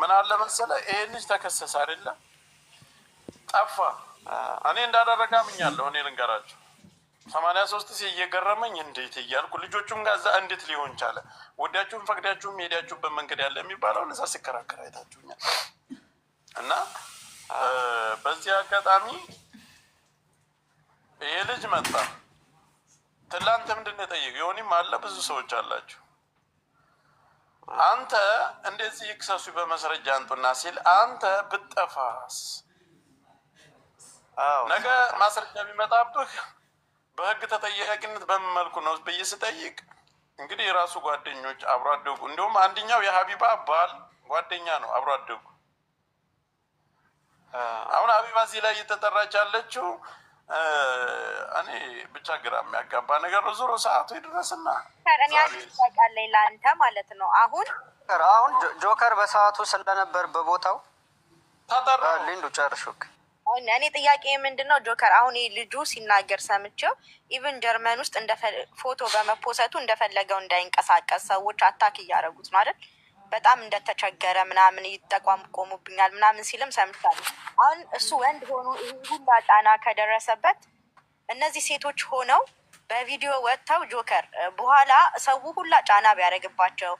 ምን አለ መሰለ ይሄ ልጅ ተከሰሰ አይደለም ጠፋ። እኔ እንዳደረገ አምኛለሁ። እኔ ልንገራቸው ሰማንያ ሶስት ሴ እየገረመኝ እንዴት እያልኩ ልጆቹም ጋዛ እንዴት ሊሆን ቻለ? ወዳችሁም ፈቅዳችሁም የሄዳችሁበት መንገድ ያለ የሚባለው እዛ ሲከራከር አይታችሁኛል። እና በዚህ አጋጣሚ ይሄ ልጅ መጣ። ትላንት ምንድን ነው የጠየቅ የሆኒም አለ ብዙ ሰዎች አላችሁ አንተ እንደዚህ ይክሰሱ በመስረጃ አንጡና ሲል አንተ ብጠፋስ፣ ነገ ማስረጃ ቢመጣብህ በህግ ተጠያቂነት በምን መልኩ ነው ብዬ ስጠይቅ እንግዲህ የራሱ ጓደኞች አብሮ አደጉ፣ እንዲሁም አንደኛው የሀቢባ ባል ጓደኛ ነው አብሮ አደጉ። አሁን ሀቢባ እዚህ ላይ እየተጠራች ያለችው እኔ ብቻ ግራ የሚያጋባ ነገር ነው። ዞሮ ሰዓቱ ይድረስና ያቃለኝ ለአንተ ማለት ነው። አሁን አሁን ጆከር በሰዓቱ ስለነበር በቦታው ሊንዱ ጨርሹክ እኔ ጥያቄ ምንድን ነው ጆከር፣ አሁን ይህ ልጁ ሲናገር ሰምቼው ኢቭን ጀርመን ውስጥ ፎቶ በመፖሰቱ እንደፈለገው እንዳይንቀሳቀስ ሰዎች አታክ እያደረጉት ነው በጣም እንደተቸገረ ምናምን ይጠቋም ቆሙብኛል ምናምን ሲልም ሰምታል። አሁን እሱ ወንድ ሆኖ ይህ ሁላ ጫና ከደረሰበት እነዚህ ሴቶች ሆነው በቪዲዮ ወጥተው ጆከር በኋላ ሰው ሁላ ጫና ቢያደርግባቸው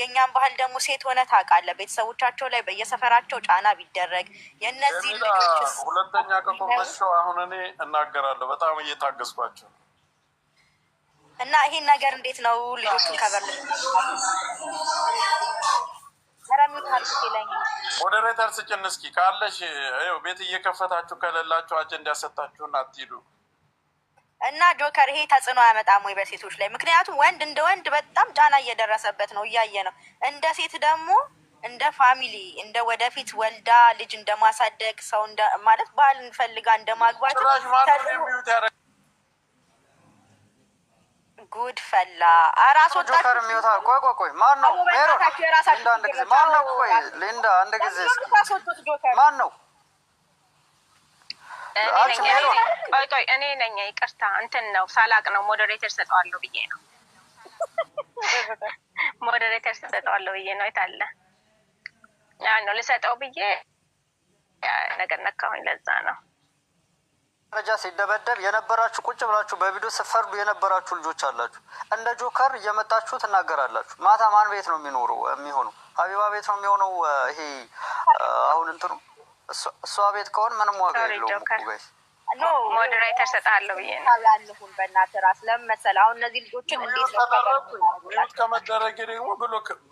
የእኛም ባህል ደግሞ ሴት ሆነ ታውቃለህ፣ ቤተሰቦቻቸው ላይ በየሰፈራቸው ጫና ቢደረግ የእነዚህ ሁለተኛ ሁለተኛ ከቆመቸው አሁን እኔ እናገራለሁ። በጣም እየታገዝኳቸው እና ይሄን ነገር እንዴት ነው ልጆቹን ከበር ሞዴሬተር ስጭን እስኪ ካለሽ ይኸው ቤት እየከፈታችሁ ከሌላችሁ አጀንዳ ሰጣችሁን አትሂዱ። እና ጆከር ይሄ ተጽዕኖ አያመጣም ወይ በሴቶች ላይ? ምክንያቱም ወንድ እንደ ወንድ በጣም ጫና እየደረሰበት ነው እያየ ነው። እንደ ሴት ደግሞ እንደ ፋሚሊ እንደ ወደፊት ወልዳ ልጅ እንደማሳደግ ሰው ማለት ባል እንፈልጋ እንደማግባት ጉድ ፈላ። አራስ ወጣችሁ የሚወጣ ቆይ ቆይ ቆይ፣ ማን ነው ሊንዳ? አንድ ጊዜ ማን ነው? እኔ ነኝ። ይቅርታ እንትን ነው ሳላቅ ነው። ሞዴሬተር ሰጠዋለሁ ብዬ ነው። ሞዴሬተር ሰጠዋለሁ ብዬ ነው። የት ያ ነው ልሰጠው ብዬ ነገር ነካሁኝ። ለዛ ነው መረጃ ሲደበደብ የነበራችሁ ቁጭ ብላችሁ በቪዲዮ ስፈርዱ የነበራችሁ ልጆች አላችሁ። እንደ ጆከር እየመጣችሁ ትናገራላችሁ። ማታ ማን ቤት ነው የሚኖሩ የሚሆኑ? ሀቢባ ቤት ነው የሚሆነው። ይሄ አሁን እንትኑ እሷ ቤት ከሆን ምንም ዋጋ የለውም። ጋይ ሞዴሬተር ሰጣለሁ ብዬ ያለሁን በእናትህ ራስ ለምን መሰለህ አሁን እነዚህ ልጆችን እንዴት ከመደረግ ደግሞ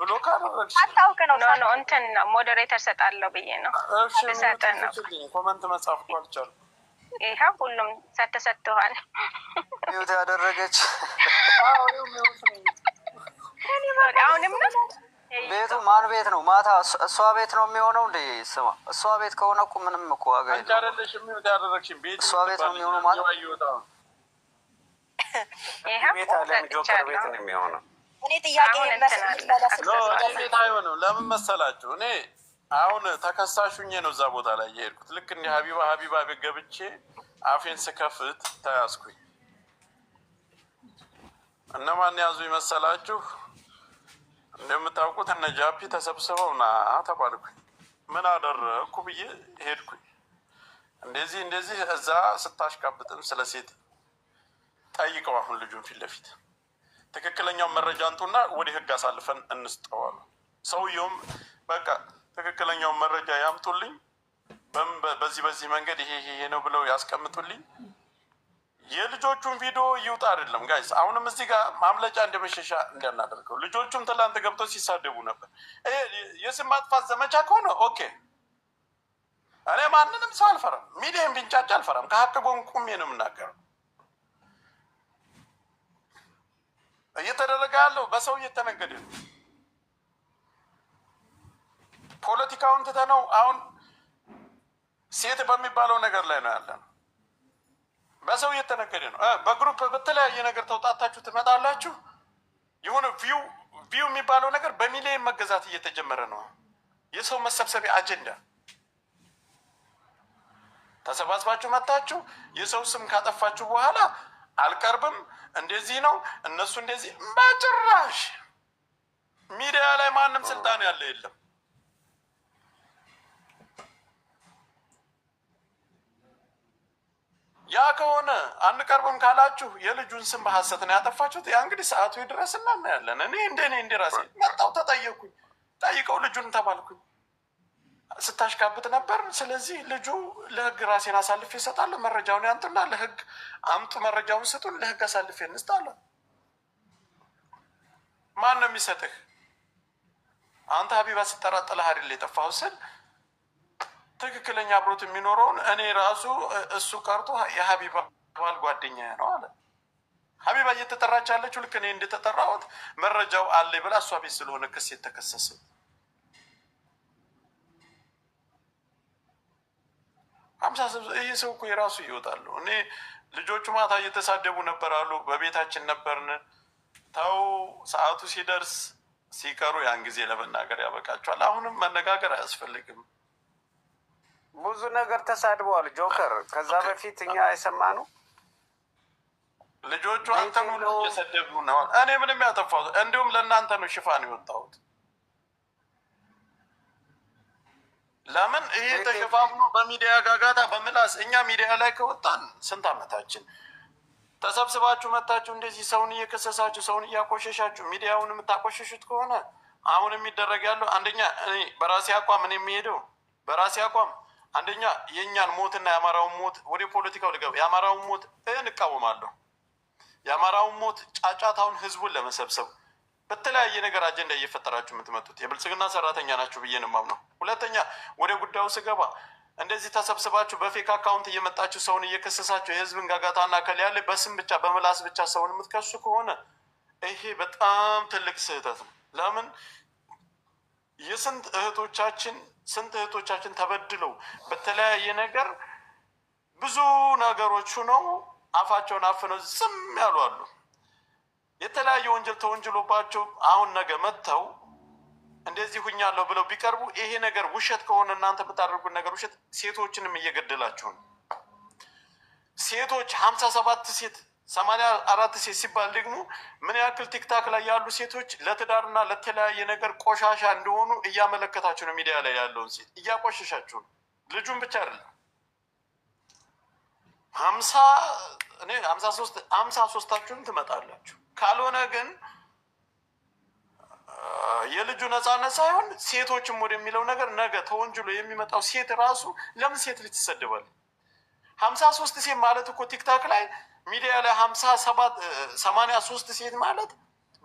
ብሎክ አደረግ አታውቅ ነው ነው እንትን ነው ሞዴሬተር ሰጣለሁ ብዬ ነው ሰጠ ነው ኮመንት መጻፍ ኳልቻሉ ይኸው ሁሉም ሰተሰትኋል ሚውት ያደረገች ቤቱ ማን ቤት ነው? ማታ እሷ ቤት ነው የሚሆነው። እንደ ስማ እሷ ቤት ከሆነ እኮ ምንም እኮ ዋጋ እሷ ቤት ነው የሚሆነው ማለት እኔ ጥያቄ ቤት አይሆንም። ለምን መሰላችሁ እኔ አሁን ተከሳሹኜ ነው እዛ ቦታ ላይ የሄድኩት። ልክ እንደ ሀቢባ ሀቢባ ቤት ገብቼ አፌን ስከፍት ተያዝኩኝ። እነማን ያዙ ይመሰላችሁ? እንደምታውቁት እነ ጃፒ ተሰብስበው ና ተባልኩኝ። ምን አደረኩ ብዬ ሄድኩኝ። እንደዚህ እንደዚህ እዛ ስታሽቃብጥም ስለ ሴት ጠይቀው አሁን ልጁን ፊት ለፊት ትክክለኛው መረጃ እንጡና ወደ ህግ አሳልፈን እንስጠዋሉ። ሰውየውም በቃ ትክክለኛውን መረጃ ያምጡልኝ፣ በዚህ በዚህ መንገድ ይሄ ይሄ ነው ብለው ያስቀምጡልኝ። የልጆቹን ቪዲዮ ይውጣ አይደለም ጋይስ። አሁንም እዚህ ጋር ማምለጫ እንደ መሸሻ እንዳናደርገው። ልጆቹም ትላንት ገብተው ሲሳደቡ ነበር። የስም ማጥፋት ዘመቻ ከሆነ ኦኬ፣ እኔ ማንንም ሰው አልፈራም፣ ሚዲያም ቢንጫጭ አልፈራም። ከሀቅ ጎን ቁሜ ነው የምናገረው። እየተደረገ ያለው በሰው እየተነገደ ነው። ፖለቲካውን ትተነው አሁን ሴት በሚባለው ነገር ላይ ነው ነው። በሰው እየተነገደ ነው። በግሩፕ በተለያየ ነገር ተውጣታችሁ ትመጣላችሁ። የሆነ ቪው ቪው የሚባለው ነገር በሚሊየን መገዛት እየተጀመረ ነው። የሰው መሰብሰቢያ አጀንዳ ተሰባስባችሁ መታችሁ የሰው ስም ካጠፋችሁ በኋላ አልቀርብም፣ እንደዚህ ነው እነሱ እንደዚህ፣ በጭራሽ ሚዲያ ላይ ማንም ስልጣን ያለ የለም። ያ ከሆነ አንቀርብም ካላችሁ የልጁን ስም በሀሰት ነው ያጠፋችሁት። ያ እንግዲህ ሰዓቱ ይድረስ እና እናያለን። እኔ እንደኔ እኔ ራሴ መጣው ተጠየኩኝ፣ ጠይቀው ልጁን ተባልኩኝ። ስታሽካብት ነበር። ስለዚህ ልጁ ለህግ ራሴን አሳልፌ እሰጣለሁ። መረጃውን ያንጡና ለህግ አምጡ፣ መረጃውን ስጡን፣ ለህግ አሳልፌ እንስጣለሁ። ማን ነው የሚሰጥህ? አንተ ሀቢባ ስጠራጠለ ሀሪል አይደል የጠፋኸው ስል ትክክለኛ አብሮት የሚኖረውን እኔ ራሱ እሱ ቀርቶ የሀቢባ ባል ጓደኛ ነው አለ። ሀቢባ እየተጠራች ያለችው ልክ እኔ እንደተጠራሁት መረጃው አለ ብላ እሷ ቤት ስለሆነ ክስ የተከሰሰው ሀምሳ ይህ ሰው እኮ የራሱ ይወጣሉ። እኔ ልጆቹ ማታ እየተሳደቡ ነበር አሉ። በቤታችን ነበርን። ተው ሰዓቱ ሲደርስ ሲቀሩ ያን ጊዜ ለመናገር ያበቃቸዋል። አሁንም መነጋገር አያስፈልግም። ብዙ ነገር ተሳድበዋል። ጆከር ከዛ በፊት እኛ የሰማነው ልጆቹ አንተን ሁሉ እየሰደቡ ነው። እኔ ምንም ያጠፋሁት እንዲሁም ለእናንተ ነው ሽፋን የወጣሁት። ለምን ይሄ ተሸፋፍኖ በሚዲያ ጋጋታ በምላስ እኛ ሚዲያ ላይ ከወጣን ስንት አመታችን ተሰብስባችሁ መታችሁ እንደዚህ ሰውን እየከሰሳችሁ ሰውን እያቆሸሻችሁ ሚዲያውን የምታቆሸሹት ከሆነ አሁን የሚደረግ ያለው አንደኛ እኔ በራሴ አቋም እኔ የሚሄደው በራሴ አቋም አንደኛ የእኛን ሞትና የአማራውን ሞት ወደ ፖለቲካው ልገባ፣ የአማራውን ሞት እንቃወማለሁ። የአማራውን ሞት ጫጫታውን ህዝቡን ለመሰብሰብ በተለያየ ነገር አጀንዳ እየፈጠራችሁ የምትመጡት የብልጽግና ሰራተኛ ናችሁ ብዬ ነው ሁለተኛ ወደ ጉዳዩ ስገባ እንደዚህ ተሰብስባችሁ በፌክ አካውንት እየመጣችሁ ሰውን እየከሰሳችሁ የህዝብን ጋጋታና ከል ያለ በስም ብቻ በምላስ ብቻ ሰውን የምትከሱ ከሆነ ይሄ በጣም ትልቅ ስህተት ነው። ለምን የስንት እህቶቻችን ስንት እህቶቻችን ተበድለው በተለያየ ነገር ብዙ ነገሮች ሁነው አፋቸውን አፍነው ዝም ያሉ አሉ። የተለያየ ወንጀል ተወንጅሎባቸው አሁን ነገ መጥተው እንደዚህ ሁኛለሁ ብለው ቢቀርቡ ይሄ ነገር ውሸት ከሆነ እናንተ የምታደርጉት ነገር ውሸት፣ ሴቶችንም እየገደላችሁ ነው። ሴቶች ሀምሳ ሰባት ሴት ሰማንያ አራት ሴት ሲባል ደግሞ ምን ያክል ቲክታክ ላይ ያሉ ሴቶች ለትዳርና ለተለያየ ነገር ቆሻሻ እንደሆኑ እያመለከታችሁ ነው። ሚዲያ ላይ ያለውን ሴት እያቆሸሻችሁ ነው። ልጁን ብቻ አይደለም ሀምሳ እኔ ሀምሳ ሶስት ሀምሳ ሶስታችሁን ትመጣላችሁ። ካልሆነ ግን የልጁ ነጻነት ሳይሆን ሴቶችም ወደሚለው ነገር ነገ ተወንጅሎ የሚመጣው ሴት ራሱ ለምን ሴት ልጅ ትሰድባለች? ሀምሳ ሶስት ሴት ማለት እኮ ቲክታክ ላይ ሚዲያ ላይ ሀምሳ ሰባት ሰማንያ ሶስት ሴት ማለት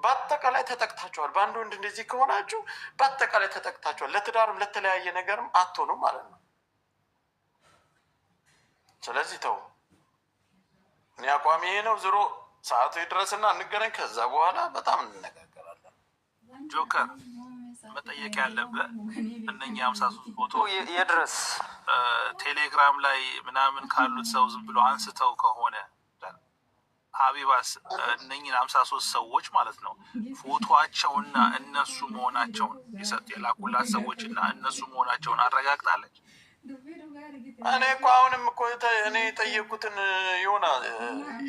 በአጠቃላይ ተጠቅታችኋል። በአንድ ወንድ እንደዚህ ከሆናችሁ በአጠቃላይ ተጠቅታችኋል። ለትዳርም ለተለያየ ነገርም አትሆኑም ማለት ነው። ስለዚህ ተው፣ እኔ አቋሚ ይሄ ነው። ዝሮ ሰዓቱ ይድረስና እንገናኝ። ከዛ በኋላ በጣም እንነጋገራለን። ጆከር መጠየቅ ያለብህ እነኛ ሀምሳ ሶስት ፎቶ የድረስ ቴሌግራም ላይ ምናምን ካሉት ሰው ዝም ብሎ አንስተው ከሆነ ሀቢባስ እነኝን ሀምሳ ሶስት ሰዎች ማለት ነው ፎቶቸውና እነሱ መሆናቸውን የሰጥ የላኩላት ሰዎች እና እነሱ መሆናቸውን አረጋግጣለች። እኔ እኮ አሁንም እኮ እኔ የጠየቁትን ዮና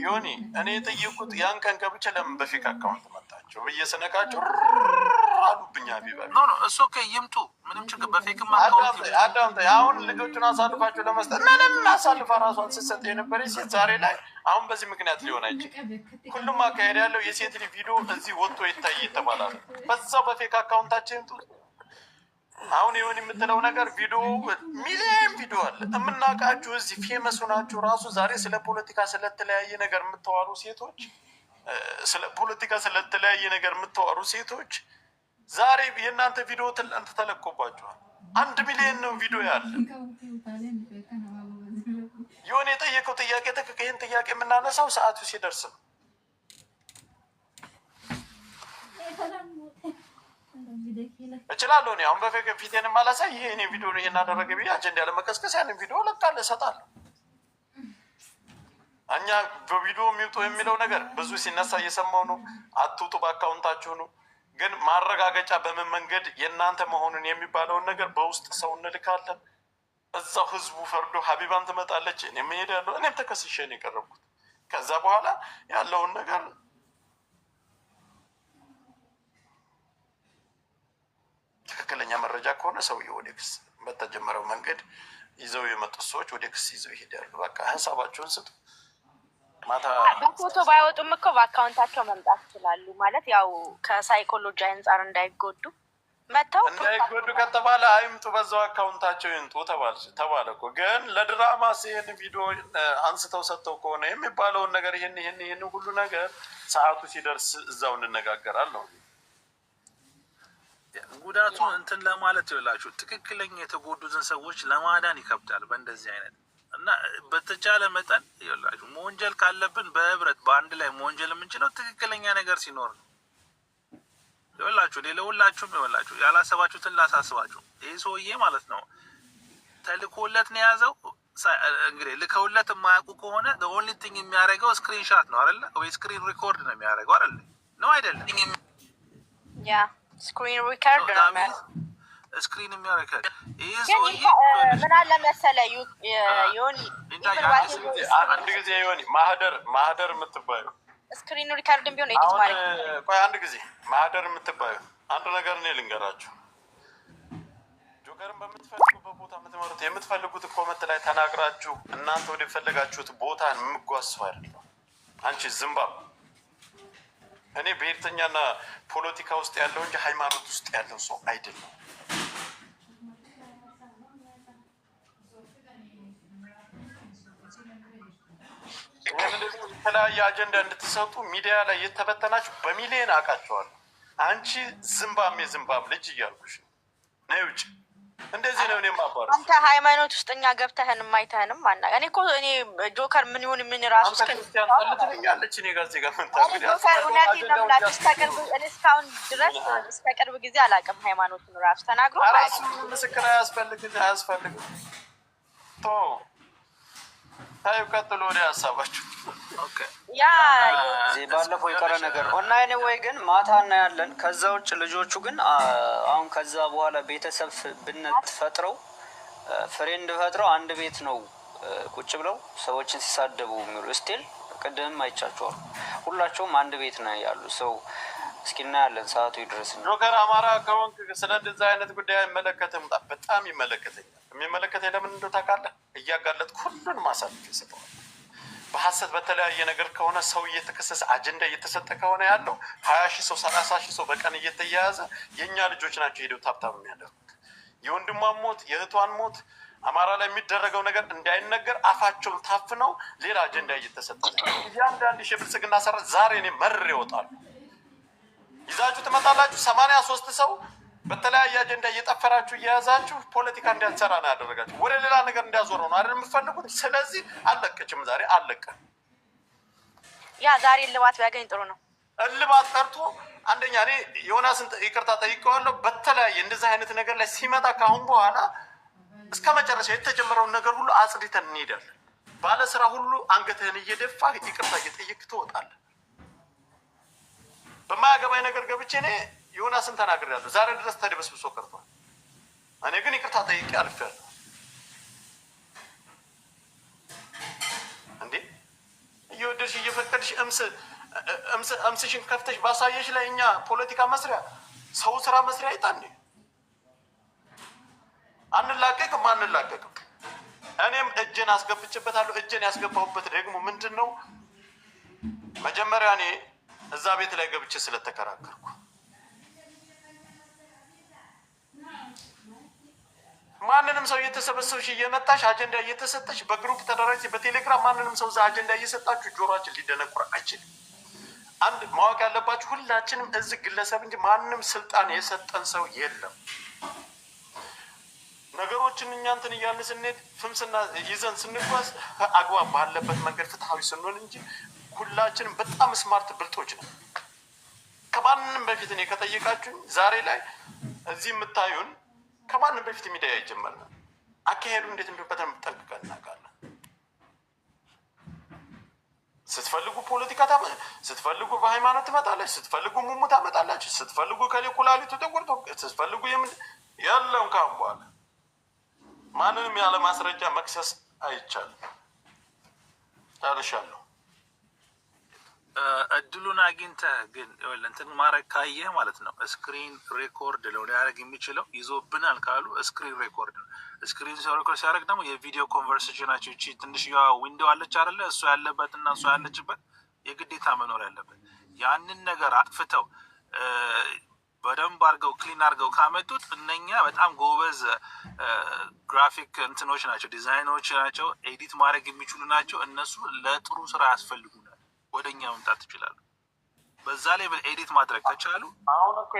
ዮኒ እኔ የጠየቁት ያን ቀን ገብቼ ለምን በፊክ አካውንት መጣቸው ብዬ ስነቃቸው ጦር አሉብኝ። ሀቢባ እሱ ይምጡ፣ ምንም ችግር በፌክ አዳምጠኝ። አሁን ልጆቹን አሳልፋቸው ለመስጠት ምንም አሳልፋ ራሷን ስትሰጥ የነበረ ሴት ዛሬ ላይ አሁን በዚህ ምክንያት ሊሆን አይችልም። ሁሉም አካሄድ ያለው የሴት ልጅ ቪዲዮ እዚህ ወጥቶ ይታይ ይተባላል። በዛው በፌክ አካውንታቸው ይምጡ። አሁን ይሁን የምትለው ነገር ቪዲዮ ሚሊየን ቪዲዮ አለ የምናውቃችሁ እዚህ ፌመሱ ናችሁ። ራሱ ዛሬ ስለ ፖለቲካ ስለተለያየ ነገር የምታወሩ ሴቶች ስለ ፖለቲካ ስለተለያየ ነገር የምታወሩ ሴቶች ዛሬ የእናንተ ቪዲዮ ትላንት ተለቆባችኋል። አንድ ሚሊዮን ነው ቪዲዮ ያለ የሆነ የጠየቀው ጥያቄ ትክክል። ይህን ጥያቄ የምናነሳው ሰዓቱ ሲደርስ ነው። እችላለሁ እኔ አሁን በፊት ፊቴን ማላሳይ ይሄ እኔ ቪዲዮ ነው እናደረገ ብዬ አጀንዳ ያለመቀስቀስ ያንን ቪዲዮ ለቃለሁ እሰጣለሁ። እኛ በቪዲዮ የሚውጡ የሚለው ነገር ብዙ ሲነሳ እየሰማው ነው። አትውጡ በአካውንታችሁ ነው ግን ማረጋገጫ በምን መንገድ የእናንተ መሆኑን የሚባለውን ነገር በውስጥ ሰው እንልካለን። እዛው ህዝቡ ፈርዶ ሀቢባን ትመጣለች፣ እኔም እሄዳለሁ። እኔም ተከስሼ ነው የቀረብኩት። ከዛ በኋላ ያለውን ነገር ትክክለኛ መረጃ ከሆነ ሰውዬው ወደ ክስ በተጀመረው መንገድ ይዘው የመጡት ሰዎች ወደ ክስ ይዘው ይሄዳሉ። በቃ ሀሳባቸውን ስጡ። በፎቶ ባይወጡም እኮ በአካውንታቸው መምጣት ይችላሉ። ማለት ያው ከሳይኮሎጂ አንጻር እንዳይጎዱ መጥተው እንዳይጎዱ ከተባለ አይምጡ፣ በዛው አካውንታቸው ይምጡ ተባለ እኮ። ግን ለድራማ ሲሄድ ቪዲዮ አንስተው ሰጥተው ከሆነ የሚባለውን ነገር ይህን ይህን ይህን ሁሉ ነገር ሰዓቱ ሲደርስ እዛው እንነጋገራል ነው። ጉዳቱ እንትን ለማለት ይላችሁ፣ ትክክለኛ የተጎዱትን ሰዎች ለማዳን ይከብዳል በእንደዚህ አይነት እና በተቻለ መጠን ይላችሁ መወንጀል ካለብን በህብረት በአንድ ላይ መወንጀል የምንችለው ትክክለኛ ነገር ሲኖር ነው። ይወላችሁ እኔ ለሁላችሁም ይወላችሁ ያላሰባችሁትን ላሳስባችሁ። ይህ ሰውዬ ማለት ነው ተልኮለት ነው የያዘው። እንግዲህ ልከውለት የማያውቁ ከሆነ ኦንሊ ቲንግ የሚያደርገው ስክሪን ሻት ነው አለ ወይ ስክሪን ሪኮርድ ነው የሚያደርገው አለ ነው አይደለም? ያ ስክሪን ሪኮርድ ነው ስክሪን የሚያረከል ይህ ሰውዬ ምን አለ መሰለህ ዮኒ አንድ ጊዜ ዮኒ ማህደር ማህደር የምትባዩ ስክሪኑ ሪካርድን ቢሆን ኤዲት ማለት ቆይ አንድ ጊዜ ማህደር የምትባዩ አንድ ነገር እኔ ልንገራችሁ ጆከርን በምትፈልጉበት ቦታ የምትመሩት የምትፈልጉት ኮመንት ላይ ተናግራችሁ እናንተ ወደ ፈለጋችሁት ቦታ የምጓዝ ሰው አይደለም አንቺ ዝምባብ እኔ ብሔርተኛና ፖለቲካ ውስጥ ያለው እንጂ ሃይማኖት ውስጥ ያለው ሰው አይደለም እነዚህ ደግሞ የተለያየ አጀንዳ እንድትሰጡ ሚዲያ ላይ የተበተናችሁ በሚሊዮን አውቃቸዋለሁ። አንቺ ዝምባም የዝምባም ልጅ እያልኩሽ ነይ ውጭ። እንደዚህ ነው። እኔ አባር አንተ ሃይማኖት ውስጥ እኛ ገብተህንም አይተህንም አና እኔ እኮ እኔ ጆከር ምን ይሁን ምን ራሱ ያለች እኔ ጋዜ ጋር ጆከር እውነት ነው የምላችሁ። እስከ እስካሁን ድረስ እስከ ቅርብ ጊዜ አላውቅም ሃይማኖትን ራሱ ተናግሮ ራሱ ምስክር አያስፈልግ አያስፈልግም ቶ ታዩ ቀጥሎ ወደ ሀሳባችሁ ባለፈው የቀረ ነገር ኦንላይን ወይ ግን ማታ እናያለን። ከዛ ውጭ ልጆቹ ግን አሁን ከዛ በኋላ ቤተሰብ ብነት ፈጥረው ፍሬንድ ፈጥረው አንድ ቤት ነው ቁጭ ብለው ሰዎችን ሲሳደቡ የሚሉ ስቲል ቅድምም አይቻቸዋል። ሁላቸውም አንድ ቤት ነው ያሉ ሰው እስኪ እናያለን። ሰዓቱ ይድረስ። ጆከር አማራ ከሆንክ ስለ እንደዚህ አይነት ጉዳይ አይመለከትም። በጣም ይመለከተኛል። የሚመለከተኝ ለምን እንደው ታውቃለህ? እያጋለጥ ሁሉን ማሳለፍ ይሰጠዋል። በሀሰት በተለያየ ነገር ከሆነ ሰው እየተከሰሰ አጀንዳ እየተሰጠ ከሆነ ያለው ሀያ ሺህ ሰው ሰላሳ ሺህ ሰው በቀን እየተያያዘ የእኛ ልጆች ናቸው ሄደው ታብታብ የሚያደርጉት የወንድሟን ሞት የእህቷን ሞት አማራ ላይ የሚደረገው ነገር እንዳይነገር አፋቸውን ታፍነው ሌላ አጀንዳ እየተሰጠ እያንዳንድ የብልጽግና ሰራ ዛሬ እኔ መር ይወጣሉ ይዛችሁ ትመጣላችሁ። ሰማንያ ሶስት ሰው በተለያየ አጀንዳ እየጠፈራችሁ እየያዛችሁ ፖለቲካ እንዲያንሰራ ነው ያደረጋችሁ። ወደ ሌላ ነገር እንዲያዞረው ነው አይደል የምትፈልጉት? ስለዚህ አለቀችም። ዛሬ አለቀ። ያ ዛሬ እልባት ቢያገኝ ጥሩ ነው። እልባት ቀርቶ አንደኛ እኔ ዮናስን ይቅርታ ጠይቀዋለሁ። በተለያየ እንደዚህ አይነት ነገር ላይ ሲመጣ ከአሁን በኋላ እስከ መጨረሻ የተጀመረውን ነገር ሁሉ አጽድተን እንሄዳለን። ባለስራ ሁሉ አንገትህን እየደፋ ይቅርታ እየጠየቅ ትወጣለን። በማያገባኝ ነገር ገብቼ እኔ ዮናስን ተናግሬያለሁ። ዛሬ ድረስ ተደበስብሶ ቀርቷል። እኔ ግን ይቅርታ ጠይቄ አልፌያለሁ። እንዴ እየወደድሽ እየፈቀድሽ እምስሽን ከፍተሽ ባሳየሽ ላይ እኛ ፖለቲካ መስሪያ ሰው ስራ መስሪያ ይጣን አንላቀቅም አንላቀቅም። እኔም እጄን አስገብቼበታለሁ። እጄን ያስገባሁበት ደግሞ ምንድን ነው መጀመሪያ እኔ እዛ ቤት ላይ ገብቼ ስለተከራከርኩ ማንንም ሰው እየተሰበሰብሽ እየመጣሽ አጀንዳ እየተሰጠሽ በግሩፕ ተደራጅ በቴሌግራም ማንንም ሰው እዛ አጀንዳ እየሰጣችሁ ጆሯችን ሊደነቁር አይችልም። አንድ ማወቅ ያለባችሁ ሁላችንም እዚህ ግለሰብ እንጂ ማንም ስልጣን የሰጠን ሰው የለም። ነገሮችን እኛ እንትን እያልን ስንሄድ ፍምስና ይዘን ስንጓዝ አግባብ ባለበት መንገድ ፍትሐዊ ስንሆን እንጂ ሁላችንም በጣም ስማርት ብልጦች ነው። ከማንም በፊት እኔ ከጠየቃችሁኝ ዛሬ ላይ እዚህ የምታዩን ከማንም በፊት ሚዲያ ይጀመርናል። አካሄዱ እንዴት እንደሆነ በደንብ ጠንቅቀን እናውቃለን። ስትፈልጉ ፖለቲካ ታ ስትፈልጉ በሃይማኖት ትመጣለች፣ ስትፈልጉ ሙሙ ታመጣላች፣ ስትፈልጉ ከሌኩላሊቱ ተቆርጦ ስትፈልጉ የምን ያለውን ካሁን በኋላ ማንንም ያለ ማስረጃ መክሰስ አይቻልም። ጨርሻለሁ። እድሉን አግኝተ ግን እንትን ማድረግ ካየ ማለት ነው። ስክሪን ሬኮርድ ለው ሊያደረግ የሚችለው ይዞብናል ካሉ ስክሪን ሬኮርድ ነው። ስክሪን ሬኮርድ ሲያደረግ ደግሞ የቪዲዮ ኮንቨርሴሽን ናቸው። እቺ ትንሽ ዊንዶ አለች አለ እሱ ያለበት እና እሱ ያለችበት የግዴታ መኖር ያለበት ያንን ነገር አጥፍተው በደንብ አድርገው ክሊን አድርገው ካመጡት እነኛ በጣም ጎበዝ ግራፊክ እንትኖች ናቸው፣ ዲዛይኖች ናቸው፣ ኤዲት ማድረግ የሚችሉ ናቸው። እነሱ ለጥሩ ስራ አያስፈልጉም። ወደ እኛ መምጣት ይችላሉ። በዛ ላይ ኤዲት ማድረግ ተቻሉ። አሁን እኮ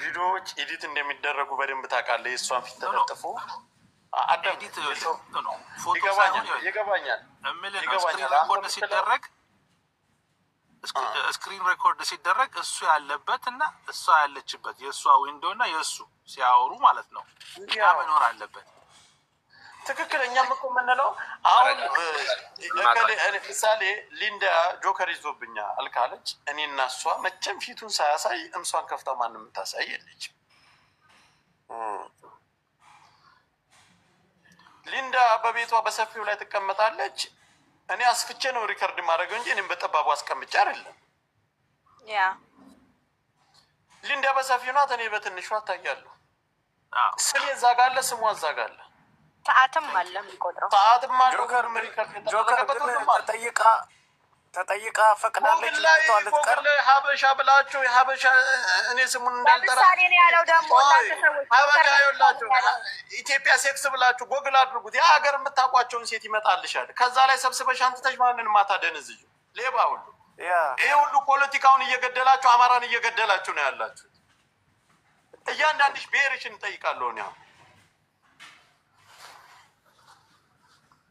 ቪዲዮዎች ኤዲት እንደሚደረጉ በደንብ ታውቃለህ። የእሷን ፊት ተለጥፎ ይገባኛል እምልህ ሲደረግ ስክሪን ሬኮርድ ሲደረግ እሱ ያለበት እና እሷ ያለችበት የእሷ ዊንዶ እና የእሱ ሲያወሩ ማለት ነው ያ መኖር አለበት። ትክክለኛም እኮ የምንለው አሁን ምሳሌ ሊንዳ ጆከር ይዞብኛ አልካለች። እኔ እና እሷ መቼም ፊቱን ሳያሳይ እምሷን ከፍታ ማንም የምታሳይ የለች። ሊንዳ በቤቷ በሰፊው ላይ ትቀመጣለች። እኔ አስፍቼ ነው ሪከርድ ማድረገው እንጂ እኔም በጠባቡ አስቀምጬ አይደለም። ያ ሊንዳ በሰፊው ናት፣ እኔ በትንሹ እታያለሁ። ስሜ እዛ ጋ ስሟ እዛ ሰዓትም አለ የሚቆጥረው ሰዓትም ተጠይቃ ተጠይቃ ፈቅዳለች። ጎግል ሀበሻ ብላችሁ የሀበሻ እኔ ስሙን እንዳልጠራሳሌ ያለው ደግሞ ሀበሻ ይኸውላችሁ፣ ኢትዮጵያ ሴክስ ብላችሁ ጎግል አድርጉት። ያ ሀገር የምታውቋቸውን ሴት ይመጣልሻል። ከዛ ላይ ሰብስበሽ አንትተሽ ማንን ማታደንዝዩ ሌባ ሁሉ ይህ ሁሉ ፖለቲካውን እየገደላችሁ አማራን እየገደላችሁ ነው ያላችሁት። እያንዳንድሽ ብሄርሽን እጠይቃለሁ እኔ አሁን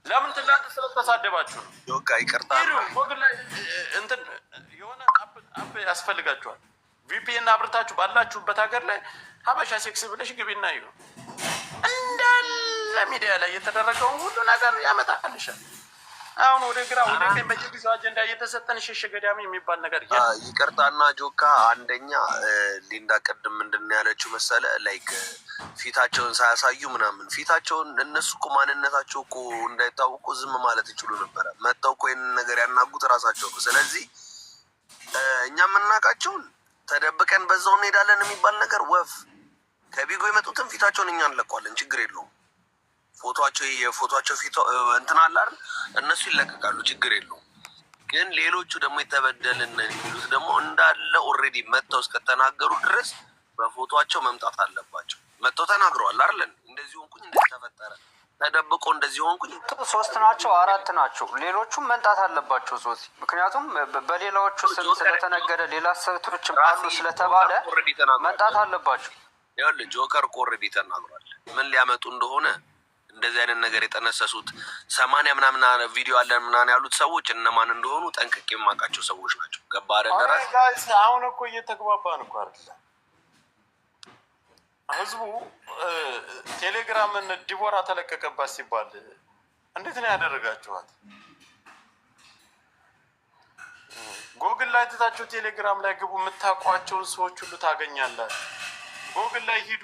ለምን ትላንት ስለተሳደባችሁ ዶቃ ይቅርታ ላይ እንትን የሆነ አፕ ያስፈልጋችኋል። ቪፒኤን አብርታችሁ ባላችሁበት ሀገር ላይ ሀበሻ ሴክስ ብለሽ ግቢና ይሁ እንዳለ ሚዲያ ላይ የተደረገውን ሁሉ ነገር ያመጣልሻል። አሁን ወደ ግራ ወደ ቀኝ በየጊዜው አጀንዳ እየተሰጠን ሸሸ ገዳሚ የሚባል ነገር ይቅርታና ጆካ አንደኛ ሊንዳ ቅድም ምንድን ያለችው መሰለ ላይክ ፊታቸውን ሳያሳዩ ምናምን ፊታቸውን እነሱ እኮ ማንነታቸው እኮ እንዳይታወቁ ዝም ማለት ይችሉ ነበረ። መጥተው እኮ ይህንን ነገር ያናጉት እራሳቸው ነው። ስለዚህ እኛ የምናውቃቸውን ተደብቀን በዛው እንሄዳለን የሚባል ነገር ወፍ ከቢጎ የመጡትን ፊታቸውን እኛ እንለቋለን። ችግር የለውም። ፎቶቸው የፎቶቸው ፊቶ እንትን አለ አይደል? እነሱ ይለቀቃሉ፣ ችግር የለውም። ግን ሌሎቹ ደግሞ የተበደልን የሚሉት ደግሞ እንዳለ ኦልሬዲ መጥተው እስከተናገሩ ድረስ በፎቶቸው መምጣት አለባቸው። መጥተው ተናግረዋል አይደል? እንደዚህ ሆንኩኝ፣ እንደዚህ ተፈጠረ፣ ተደብቆ እንደዚህ ሆንኩኝ። ሶስት ናቸው አራት ናቸው። ሌሎቹም መምጣት አለባቸው ሶስት ምክንያቱም በሌላዎቹ ስም ስለተነገደ ሌላ ሰቶችም አሉ ስለተባለ መምጣት አለባቸው። ጆከር ኦልሬዲ ተናግሯል ምን ሊያመጡ እንደሆነ እንደዚህ አይነት ነገር የጠነሰሱት ሰማንያ ምናምን ቪዲዮ አለን ምናምን ያሉት ሰዎች እነማን እንደሆኑ ጠንቅቅ የማውቃቸው ሰዎች ናቸው። ገባ አደራስ። አሁን እኮ እየተግባባን እኮ አይደለም። ህዝቡ ቴሌግራምን ዲቦራ ተለቀቀባት ሲባል እንዴት ነው ያደረጋችኋት? ጎግል ላይ ትታችሁ ቴሌግራም ላይ ግቡ። የምታውቋቸውን ሰዎች ሁሉ ታገኛላችሁ። ጎግል ላይ ሂዱ፣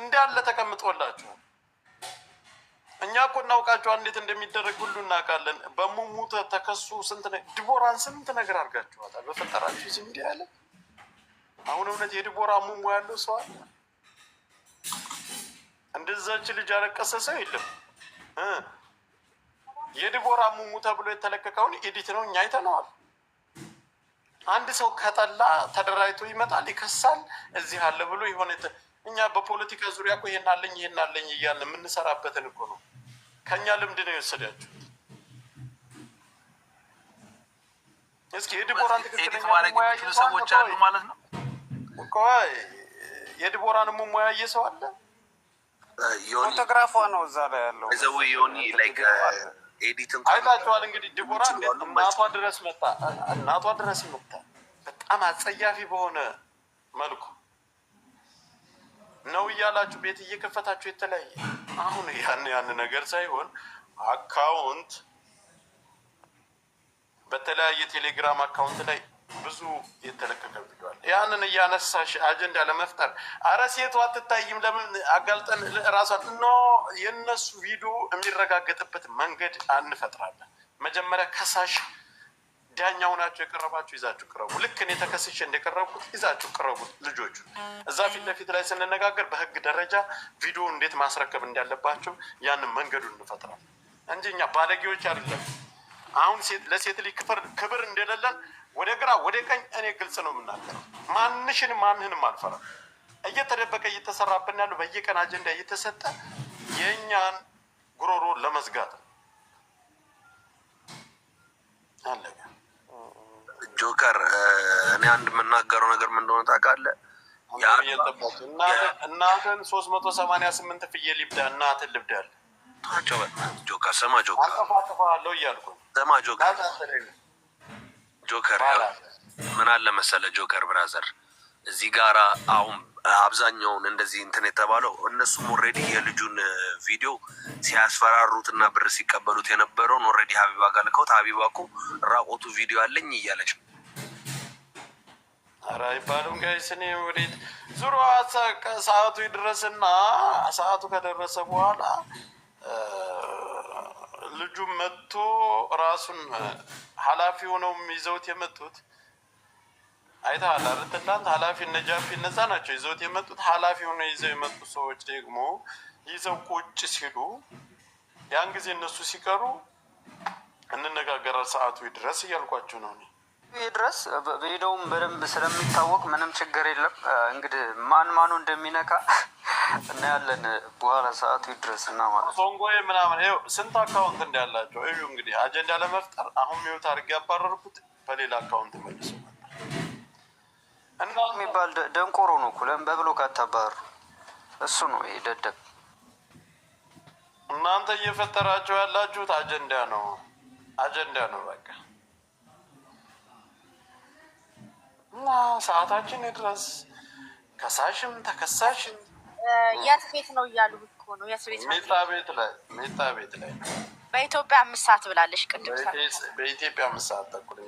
እንዳለ ተቀምጦላችኋል። እኛ እኮ እናውቃቸው እንዴት እንደሚደረግ ሁሉ እናውቃለን። በሙሙተ ተከሱ ስንት ድቦራን ስንት ነገር አድርጋችኋታል። በፈጠራችሁ ዝም እንዲህ አለ። አሁን እውነት የድቦራ ሙሙ ያለው ሰው አለ? እንደዛች ልጅ ያለቀሰ ሰው የለም። የድቦራ ሙሙ ተብሎ የተለቀቀውን ኤዲት ነው፣ እኛ አይተነዋል። አንድ ሰው ከጠላ ተደራጅቶ ይመጣል፣ ይከሳል። እዚህ አለ ብሎ የሆነ እኛ በፖለቲካ ዙሪያ እኮ ይሄን አለኝ ይሄን አለኝ እያለ የምንሰራበትን እኮ ነው። ከእኛ ልምድ ነው የወሰዳችሁ። እስኪ የዲቦራን ትክክለኛ ሰዎች አሉ ማለት ነው። የዲቦራን ሙሙያ እየሰው አለ ፎቶግራፏ ነው እዛ ላይ ያለው uh, አይታችኋል። እንግዲህ ዲቦራ እናቷ ድረስ መጣ፣ እናቷ ድረስ መጣ። በጣም አጸያፊ በሆነ መልኩ ነው እያላችሁ ቤት እየከፈታችሁ የተለያየ አሁን ያን ያን ነገር ሳይሆን አካውንት በተለያየ ቴሌግራም አካውንት ላይ ብዙ የተለቀቀ ቪዲዮ ያንን እያነሳሽ አጀንዳ ለመፍጠር አረ ሴቷ አትታይም ለምን አጋልጠን ራሷን ኖ የእነሱ ቪዲዮ የሚረጋገጥበት መንገድ አንፈጥራለን። መጀመሪያ ከሳሽ ዳኛው ናቸው የቀረባችሁ ይዛችሁ ቅረቡ። ልክ እኔ ተከስሼ እንደቀረብኩት ይዛችሁ ቅረቡት። ልጆቹ እዛ ፊት ለፊት ላይ ስንነጋገር በህግ ደረጃ ቪዲዮ እንዴት ማስረከብ እንዳለባቸው ያንን መንገዱ እንፈጥራል እንጂ እኛ ባለጌዎች አይደለም። አሁን ለሴት ልጅ ክብር እንደሌለን ወደ ግራ ወደ ቀኝ እኔ ግልጽ ነው የምናገረው። ማንሽን ማንህንም አልፈራም። እየተደበቀ እየተሰራብን ያለው በየቀን አጀንዳ እየተሰጠ የእኛን ጉሮሮ ለመዝጋት ነው አለ ጆከር እኔ አንድ የምናገረው ነገር ምን እንደሆነ ታውቃለህ? እናትን ሶስት መቶ ሰማንያ ስምንት ፍየል ልብዳ እናትን ልብዳል ጆከር ስማ ጆከር ስማ ጆከር ጆከር ምን አለ መሰለ ጆከር ብራዘር እዚህ ጋራ አሁን አብዛኛውን እንደዚህ እንትን የተባለው እነሱም ኦልሬዲ የልጁን ቪዲዮ ሲያስፈራሩት እና ብር ሲቀበሉት የነበረውን ኦልሬዲ ሀቢባ ጋር ልከውት ሀቢባ እኮ ራቆቱ ቪዲዮ አለኝ እያለች ነው ኧረ አይባልም ጋይስ። እኔ ወዴት ዙሮ ሰዓቱ ይድረስና ሰዓቱ ከደረሰ በኋላ ልጁ መጥቶ ራሱን ኃላፊ ሆነው ይዘውት የመጡት አይተሃል አይደል? ትናንት ኃላፊ እነ ጃፒ እነዛ ናቸው ይዘውት የመጡት። ኃላፊ ሆነው ይዘው የመጡ ሰዎች ደግሞ ይዘው ቁጭ ሲሉ ያን ጊዜ እነሱ ሲቀሩ እንነጋገራል። ሰዓቱ ይድረስ እያልኳቸው ነው ድረስ በሄደውም በደንብ ስለሚታወቅ ምንም ችግር የለም። እንግዲህ ማን ማኑ እንደሚነካ እናያለን። በኋላ ሰዓቱ ድረስ እና ማለት ሶንጎዬ ምናምን ይኸው ስንት አካውንት እንዳላቸው እዩ። እንግዲህ አጀንዳ ለመፍጠር አሁን ሚወት አድርጌ ያባረርኩት በሌላ አካውንት መልሱ እና የሚባል ደንቆሮ ነው እኮ ለምን በብሎክ አታባሩ? እሱ ነው ይሄ ደደብ። እናንተ እየፈጠራቸው ያላችሁት አጀንዳ ነው፣ አጀንዳ ነው በቃ እና ሰዓታችን ድረስ ከሳሽም ተከሳሽም የት ቤት ነው እያሉ እኮ ነው። የት ቤት ሜታ ቤት ላይ ሜታ ቤት ላይ በኢትዮጵያ አምስት ሰዓት ብላለች ቅድም። በኢትዮጵያ አምስት ሰዓት ተኩል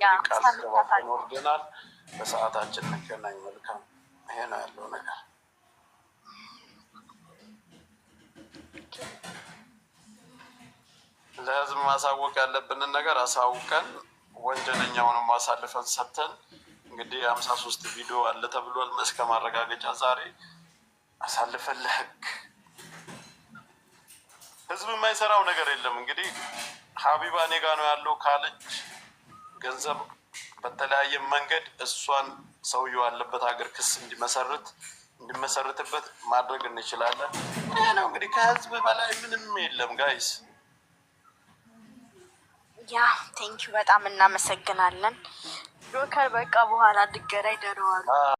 ቃል ገባን ወርደናል። በሰዓታችን እንገናኝ። መልካም። ይሄ ነው ያለው ነገር። ለህዝብ ማሳወቅ ያለብንን ነገር አሳውቀን ወንጀለኛውንም ማሳልፈን ሰጥተን እንግዲህ ሀምሳ ሶስት ቪዲዮ አለ ተብሏል። እስከ ማረጋገጫ ዛሬ አሳልፈን ለህግ ህዝብ የማይሰራው ነገር የለም። እንግዲህ ሀቢባ እኔ ጋ ነው ያለው ካለች ገንዘብ በተለያየ መንገድ እሷን ሰውየው ያለበት ሀገር ክስ እንዲመሰርት እንዲመሰርትበት ማድረግ እንችላለን። ይህ ነው እንግዲህ ከህዝብ በላይ ምንም የለም ጋይስ። ያ ቴንኪዩ በጣም እናመሰግናለን። ጆከር በቃ በኋላ እንገናኝ ደህና ዋሉ።